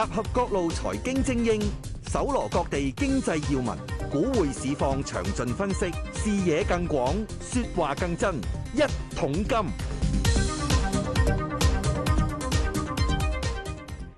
集合各路財經精英，搜羅各地經濟要聞，股匯市況詳盡分析，視野更廣，說話更真，一桶金。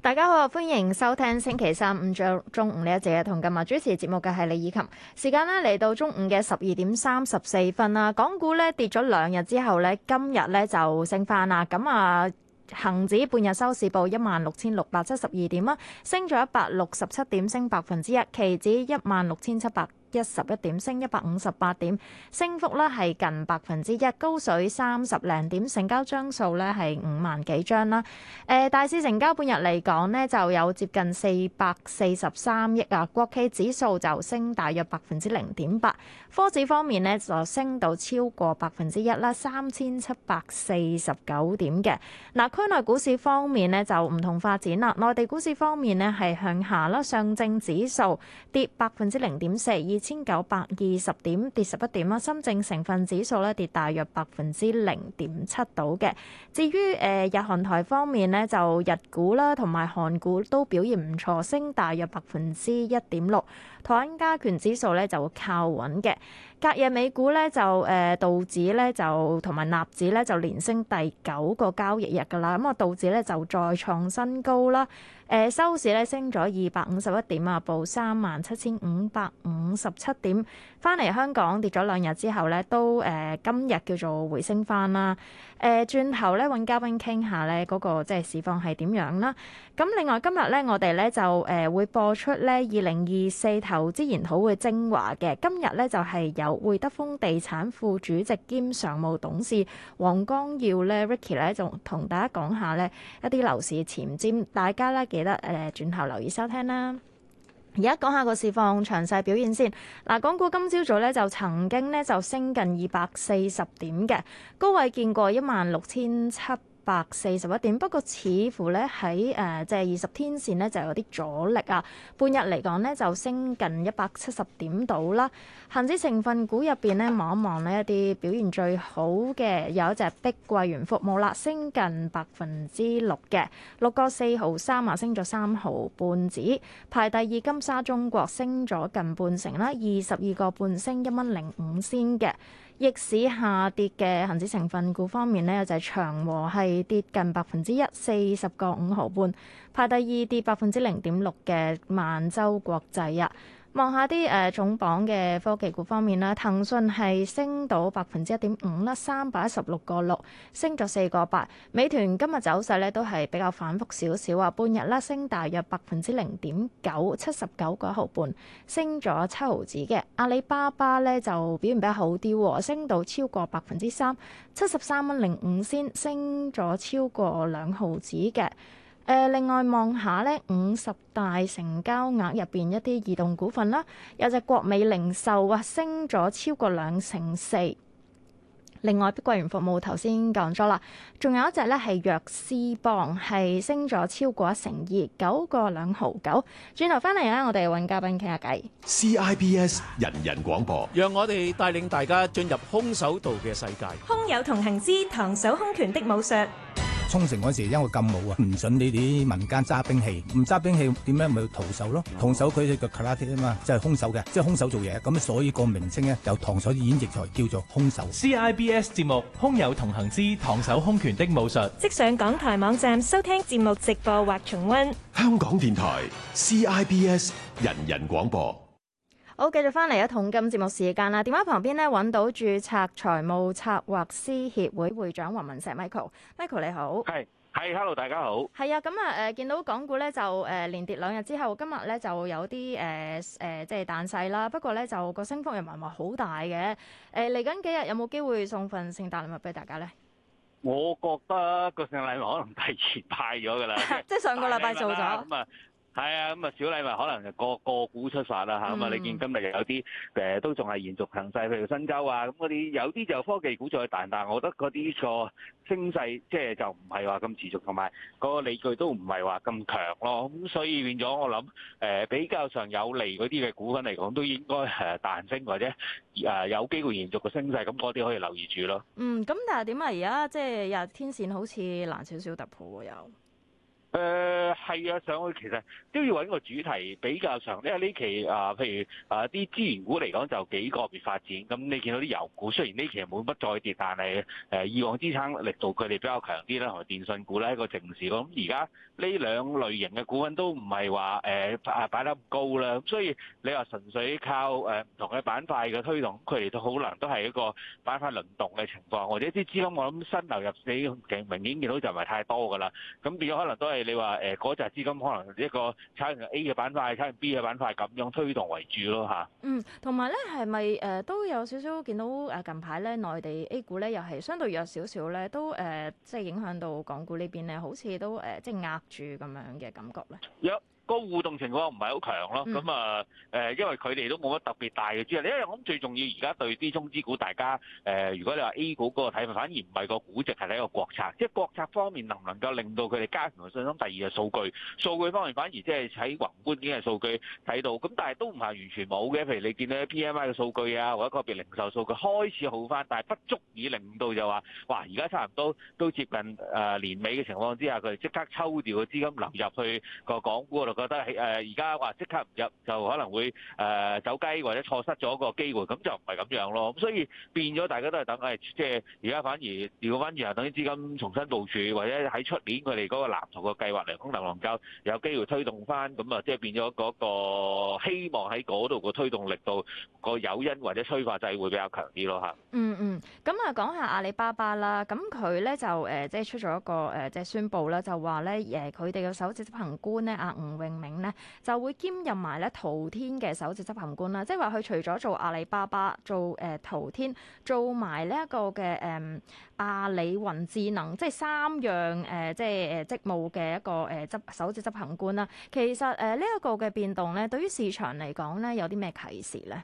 大家好，歡迎收聽星期三午晝中午呢一節嘅《一桶金》，今日主持節目嘅係李以琴。時間呢嚟到中午嘅十二點三十四分啦，港股呢跌咗兩日之後呢今日呢就升翻啦。咁啊～恒指半日收市報一萬六千六百七十二點啦，升咗一百六十七點，升百分之一。期指一萬六千七百，一十一點升一百五十八點，升幅呢係近百分之一，高水三十零點，成交張數呢係五萬幾張啦。誒，大市成交半日嚟講呢，就有接近四百四十三億啊。國企指數就升大約百分之零點八，科指方面呢就升到超過百分之一啦，三千七百四十九點嘅。嗱，區內股市方面呢就唔同發展啦。內地股市方面呢係向下啦，上證指數跌百分之零點四二。千九百二十點跌十一點啦，深證成分指數咧跌大約百分之零點七度嘅。至於誒日韓台方面呢，就日股啦同埋韓股都表現唔錯，升大約百分之一點六。台灣加權指數咧就會靠穩嘅。隔夜美股咧就誒道指咧就同埋納指咧就連升第九個交易日㗎啦，咁啊道指咧就再創新高啦，誒、呃，收市咧升咗二百五十一點啊，報三萬七千五百五十七點。翻嚟香港跌咗兩日之後咧，都誒、呃、今日叫做回升翻啦。誒、呃，轉頭咧揾嘉賓傾下咧、嗰個即係市況係點樣啦。咁另外今日咧我哋咧就誒、呃、會播出咧二零二四投資研討會精華嘅，今日咧就係、是、有。匯德豐地產副主席兼常務董事黃光耀咧，Ricky 咧，就同大家講下咧一啲樓市前瞻，大家咧記得誒轉頭留意收聽啦。而家講下個市況詳細表現先。嗱，港股今朝早咧就曾經咧就升近二百四十點嘅高位，見過一萬六千七。百四十一點，不過似乎咧喺誒即係二十天線呢就有啲阻力啊。半日嚟講呢，就升近一百七十點度啦。恆指成分股入邊呢，望一望呢一啲表現最好嘅，有一隻碧桂園服務啦，升近百分之六嘅，六個四毫三啊，升咗三毫半子。排第二金沙中國升咗近半成啦，二十二個半升一蚊零五仙嘅。逆市下跌嘅恒指成分股方面咧，就係、是、長和系跌近百分之一，四十個五毫半，排第二跌百分之零點六嘅萬洲國際啊。望下啲誒總榜嘅科技股方面啦，騰訊係升到百分之一點五啦，三百一十六個六，升咗四個八。美團今日走勢咧都係比較反覆少少啊，半日啦升大約百分之零點九，七十九個毫半，升咗七毫子嘅。阿里巴巴咧就表現比較好啲，升到超過百分之三，七十三蚊零五仙，升咗超過兩毫子嘅。誒，另外望下咧，五十大成交額入邊一啲移動股份啦，有隻國美零售啊，升咗超過兩成四。另外碧桂園服務頭先講咗啦，仲有一隻咧係藥師幫，係升咗超過一成二，九個兩毫九。轉頭翻嚟咧，我哋揾嘉賓傾下偈。CIBS 人人廣播，讓我哋帶領大家進入空手道嘅世界。空有同行之，唐手空拳的武術。沖繩嗰時因為咁武啊，唔准你哋啲民間揸兵器，唔揸兵器點樣咪逃手咯？逃手佢就 karate 啊嘛，係空手嘅，即、就、係、是、空手做嘢咁，所以個名稱咧，由唐手演亦才叫做空手。CIBS 節目《空有同行之唐手空拳的武術》，即上港台網站收聽節目直播或重温。香港電台 CIBS 人人廣播。好，繼續翻嚟一桶金節目時間啦。電話旁邊咧揾到註冊財務策劃師協會會長黃敏碩 Michael，Michael Michael，你好，係係，hello，大家好。係啊，咁啊，誒、呃，見到港股咧就誒、呃、連跌兩日之後，今日咧就有啲誒誒，即係彈勢啦。不過咧就個升幅又唔係話好大嘅。誒、呃，嚟緊幾日有冇機會送份聖誕禮物俾大家咧？我覺得個聖誕禮物可能提前派咗噶啦， 即係上個禮拜做咗。係啊，咁啊小禮物可能就個個股出發啦，咁啊你見今日有啲誒都仲係延續強勢，譬如新州啊，咁嗰啲有啲就科技股再彈，但係我覺得嗰啲個升勢即係就唔係話咁持續，同埋嗰個理據都唔係話咁強咯。咁所以變咗我諗誒、呃、比較上有利嗰啲嘅股份嚟講，都應該誒彈升或者誒有機會延續個升勢，咁嗰啲可以留意住咯。嗯，咁但係點啊？而家即係日天線好似難少少突破喎又。誒係、呃、啊，上去其實都要揾個主題比較上。因為呢期啊，譬如啊啲資源股嚟講就幾個別發展。咁你見到啲油股雖然呢期冇乜再跌，但係誒、呃、以往支撐力度佢哋比較強啲啦，同埋電訊股咧一個靜市。咁而家呢兩類型嘅股份都唔係話誒啊擺得咁高啦。咁所以你話純粹靠誒唔同嘅板塊嘅推動，佢哋都好難都係一個板塊輪動嘅情況，或者啲資金我諗新流入呢啲，你明顯見到就唔係太多噶啦。咁變咗可能都係。你話誒嗰扎資金可能一個炒完 A 嘅板塊，炒完 B 嘅板塊咁樣推動為主咯嚇。嗯，同埋咧，係咪誒都有少少見到誒、呃、近排咧內地 A 股咧又係相對弱少少咧，都誒、呃、即係影響到港股呢邊咧，好似都誒、呃、即係壓住咁樣嘅感覺咧。Yeah. 個互動情況唔係好強咯，咁啊誒，因為佢哋都冇乜特別大嘅主力。因為我諗最重要而家對啲中資股，大家誒、呃，如果你話 A 股嗰個睇法，反而唔係個估值係睇個國策，即係國策方面能唔能夠令到佢哋加強信心。第二個數據，數據方面反而即係喺宏觀經濟數據睇到，咁但係都唔係完全冇嘅。譬如你見到 P M I 嘅數據啊，或者個別零售數據開始好返，但係不足以令到就話，哇！而家差唔多都接近誒年尾嘅情況之下，佢哋即刻抽調個資金流入去個港股嗰度。覺得係而家話即刻唔入就可能會誒走雞或者錯失咗個機會，咁就唔係咁樣咯。咁所以變咗大家都係等誒，即係而家反而調翻轉頭，等於資金重新部署，或者喺出年佢哋嗰個藍圖個計劃嚟講，可能能夠有機會推動翻，咁啊即係變咗嗰個希望喺嗰度個推動力度、個誘因或者催化劑會比較強啲咯嚇、嗯。嗯嗯，咁啊講下阿里巴巴啦，咁佢咧就誒即係出咗一個誒即係宣布啦，就話咧誒佢哋嘅首席執行官咧阿吳任命咧，就會兼任埋咧淘天嘅首席執行官啦。即係話佢除咗做阿里巴巴、做誒淘、呃、天、做埋呢一個嘅誒、呃、阿里雲智能，即係三樣誒、呃、即係、呃、職務嘅一個誒執、呃、首席執行官啦。其實誒呢一個嘅變動咧，對於市場嚟講咧，有啲咩啟示咧？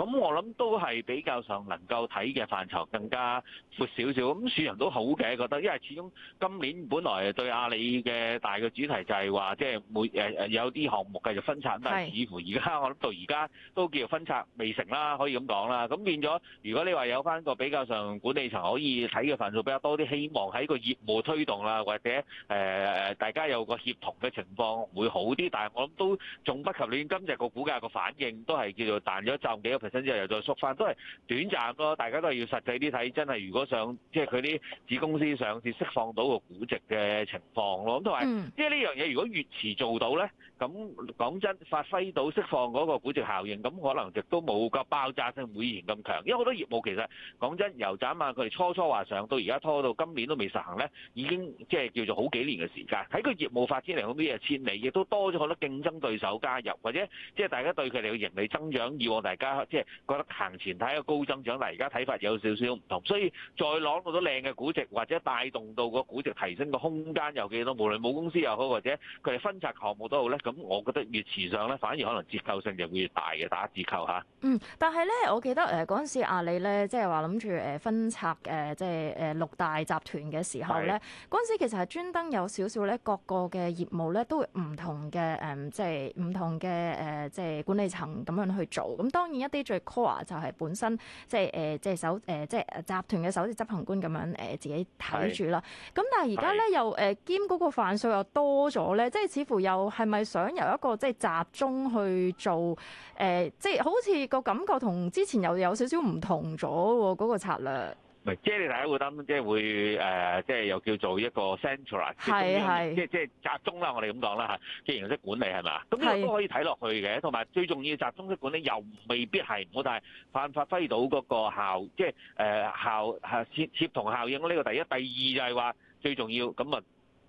咁我諗都係比較上能夠睇嘅範疇更加闊少少。咁市人都好嘅，覺得，因為始終今年本來對阿里嘅大嘅主題就係話，即係每有啲項目繼續分拆，但係似乎而家我諗到而家都叫做分拆未成啦，可以咁講啦。咁變咗，如果你話有返個比較上管理層可以睇嘅範疇比較多啲，希望喺個業務推動啦，或者誒大家有個協同嘅情況會好啲。但係我諗都仲不及你今日個股價個反應，都係叫做彈咗浸幾甚至又再縮翻，都係短暫咯。大家都係要實際啲睇，真係如果上，即係佢啲子公司上市釋放到個估值嘅情況咯。咁同埋，即係呢樣嘢如果越遲做到咧，咁講真，發揮到釋放嗰個估值效應，咁可能亦都冇咁爆炸性會以前咁強。因為好多業務其實講真，油站啊，佢哋初初話上到而家拖到今年都未實行咧，已經即係叫做好幾年嘅時間。喺個業務發展嚟講，呢嘢千里亦都多咗好多競爭對手加入，或者即係、就是、大家對佢哋嘅盈利增長，以往大家。即係覺得行前睇個高增長，但而家睇法有少少唔同，所以再攞到多靚嘅估值，或者帶動到個估值提升嘅空間有幾多？無論母公司又好，或者佢係分拆項目都好咧，咁我覺得越遲上咧，反而可能折扣性就會越大嘅，打折扣嚇。嗯，但係咧，我記得誒嗰陣時阿里咧，即係話諗住誒分拆誒即係誒六大集團嘅時候咧，嗰陣的時其實係專登有少少咧各個嘅業務咧都會唔同嘅誒、呃，即係唔同嘅誒、呃，即係管理層咁樣去做。咁當然一啲。最 core 就係本身即係誒，即係首誒，即係、呃、集團嘅首席執行官咁樣誒、呃，自己睇住啦。咁是但係而家咧又誒、呃，兼嗰個範疇又多咗咧，即係似乎又係咪想由一個即係集中去做誒、呃，即係好似個感覺同之前又有少少唔同咗嗰、嗰個策略。唔即係你大家會等、呃，即係會誒，即係又叫做一個 central，是即係是即係即係集中啦，我哋咁講啦嚇，嘅形式管理係咪啊？咁呢個都可以睇落去嘅，同埋最重要的集中式管理又未必係唔好，但係反發揮到嗰個效，即係誒、呃、效協同效應呢個第一，第二就係話最重要咁啊。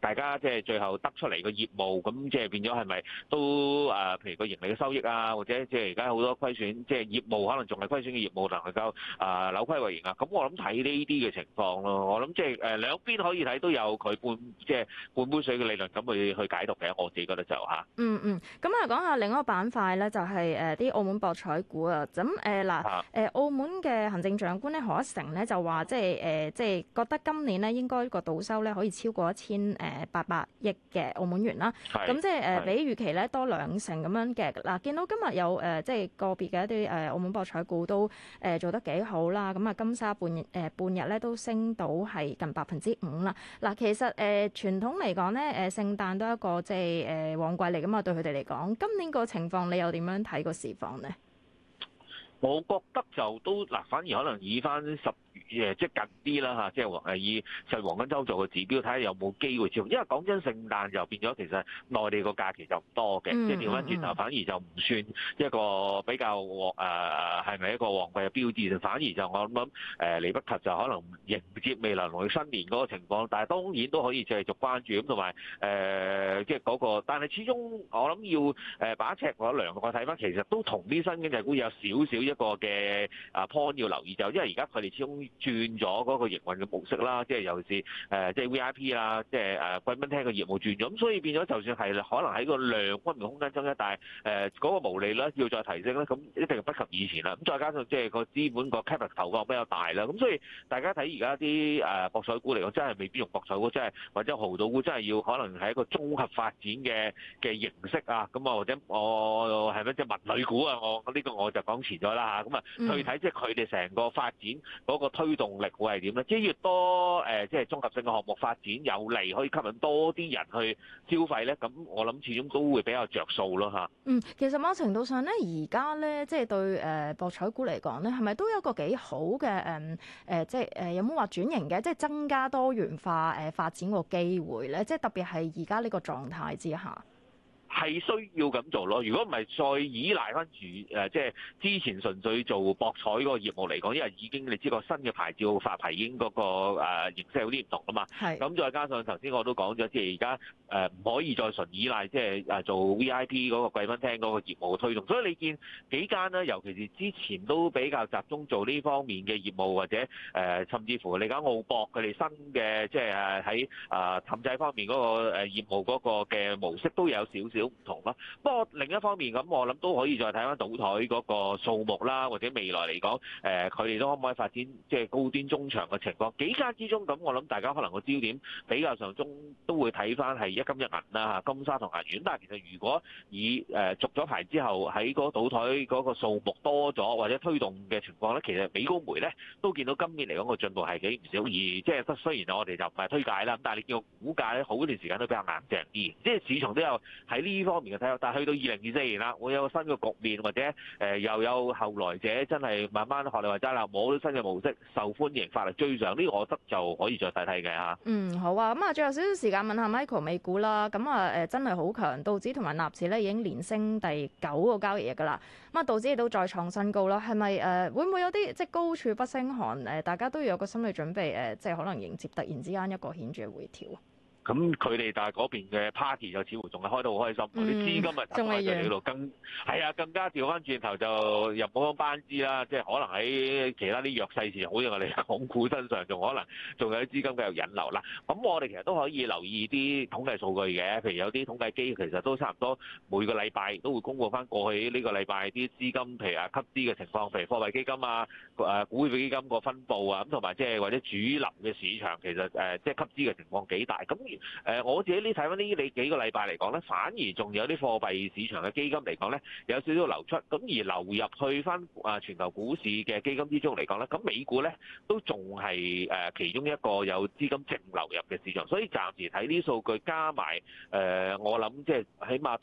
大家即係最後得出嚟個業務，咁即係變咗係咪都誒？譬如個盈利嘅收益啊，或者即係而家好多虧損，即、就、係、是、業務可能仲係虧損嘅業務，能係夠扭虧、呃、為盈啊！咁我諗睇呢啲嘅情況咯，我諗即係誒兩邊可以睇都有佢半即係、就是、半杯水嘅理論，咁去去解讀嘅，我自己覺得就嚇、嗯。嗯嗯，咁啊講下另外一個板塊咧，就係誒啲澳門博彩股、呃呃、啊。咁誒嗱誒，澳門嘅行政長官咧賀一誠咧就話，即係誒即係覺得今年咧應該個賭收咧可以超過一千誒。誒八百億嘅澳門元啦，咁是即係誒比預期咧多兩成咁樣嘅嗱，見到今日有誒即係個別嘅一啲誒澳門博彩股都誒做得幾好啦，咁啊金沙半誒半日咧都升到係近百分之五啦。嗱，其實誒傳統嚟講咧誒聖誕都係一個即係誒旺季嚟噶嘛，對佢哋嚟講，今年個情況你又點樣睇個市況呢？我覺得就都嗱，反而可能以翻十。誒即近啲啦吓即以就黃金周做個指標，睇下有冇機會超。因為講真，聖誕就變咗，其實內地個假期就唔多嘅，嗯嗯嗯即係調翻轉頭反而就唔算一個比較旺誒，係咪一個旺季嘅標誌。反而就我諗誒嚟不及就可能迎接未來嚟新年嗰個情況。但係當然都可以繼續關注咁，同埋誒即係嗰個。但係始終我諗要誒把尺過一兩個，我睇翻其實都同啲新經濟股有少少一個嘅啊 point 要留意，就因為而家佢哋始終。轉咗嗰個營運嘅模式啦，即係尤其是誒即係 V.I.P 啊，即係誒貴賓廳嘅業務轉咗，咁所以變咗就算係可能喺個量方面空間增加咧，但係誒嗰個毛利咧要再提升咧，咁一定不及以前啦。咁再加上即係個資本個 capex 投放比較大啦，咁所以大家睇而家啲誒博彩股嚟講，真係未必用博彩股，真係或者豪賭股，真係要可能係一個綜合發展嘅嘅形式啊。咁啊，或者我係咪即係文旅股啊？我呢、呢個我就講遲咗啦嚇。咁啊，去睇即係佢哋成個發展嗰、嗰個。推動力會係點咧？即係越多誒、呃，即係綜合性嘅項目發展有利，可以吸引多啲人去消費咧。咁我諗始終都會比較着數咯嚇。嗯，其實某程度上咧，而家咧即係對誒博彩股嚟講咧，係咪都有一個幾好嘅誒誒，即係誒、呃、有冇話轉型嘅，即係增加多元化誒發展個機會咧？即係特別係而家呢個狀態之下。係需要咁做咯，如果唔係再依賴翻住即係之前純粹做博彩嗰個業務嚟講，因為已經你知個新嘅牌照發牌已經嗰個形式有啲唔同啊嘛。係。咁再加上頭先我都講咗，即係而家誒唔可以再純依賴，即係誒做 V.I.P 嗰個貴賓廳嗰個業務嘅推動。所以你見幾間咧，尤其是之前都比較集中做呢方面嘅業務，或者誒、呃、甚至乎你講澳博佢哋新嘅即係喺誒氹仔方面嗰個業務嗰個嘅模式都有少少。有唔同咯，不過另一方面咁，我諗都可以再睇翻賭枱嗰個數目啦，或者未來嚟講，誒佢哋都可唔可以發展即係高端中場嘅情況？幾家之中咁，我諗大家可能個焦點比較上中都會睇翻係一金一銀啦嚇，金沙同銀娛。但係其實如果以誒續咗牌之後喺嗰賭枱嗰個數目多咗，或者推動嘅情況咧，其實美高梅咧都見到今年嚟講個進步係幾唔少，而即係雖然我哋就唔係推介啦，咁但係你見個股價咧好段時間都比較硬淨啲，即係市場都有喺。呢方面嘅睇法，但係去到二零二四年啦，會有個新嘅局面，或者誒、呃、又有後來者，真係慢慢學你話齋啦，冇新嘅模式受歡迎，發力追上呢，我覺得就可以再睇睇嘅嚇。嗯，好啊，咁、嗯、啊，最後少少時間問下 Michael 美股啦，咁啊誒真係好強，道指同埋納指咧已經連升第九個交易日㗎啦，咁、嗯、啊道指亦都再創新高啦，係咪誒會唔會有啲即係高處不勝寒誒、呃？大家都要有個心理準備誒、呃，即係可能迎接突然之間一個顯著嘅回調。咁佢哋但係嗰邊嘅 party 就似乎仲係開得好開心，啲、嗯、資金咪集中喺度，更係啊，更加調翻轉頭就入嗰班資啦，即、就、係、是、可能喺其他啲弱勢市，好似我哋港股身上，仲可能仲有啲資金繼續引流啦。咁我哋其實都可以留意啲統計數據嘅，譬如有啲統計機其實都差唔多每個禮拜都會公佈翻過去呢個禮拜啲資金，譬如啊吸資嘅情況，譬如貨幣基金啊，誒股票基金個分佈啊，咁同埋即係或者主流嘅市場其實即係吸資嘅情況幾大咁。誒我自己呢睇返呢你幾個禮拜嚟講咧，反而仲有啲貨幣市場嘅基金嚟講咧，有少少流出，咁而流入去返啊全球股市嘅基金之中嚟講咧，咁美股咧都仲係誒其中一個有資金淨流入嘅市場，所以暫時睇啲數據加埋誒，我諗即係起碼。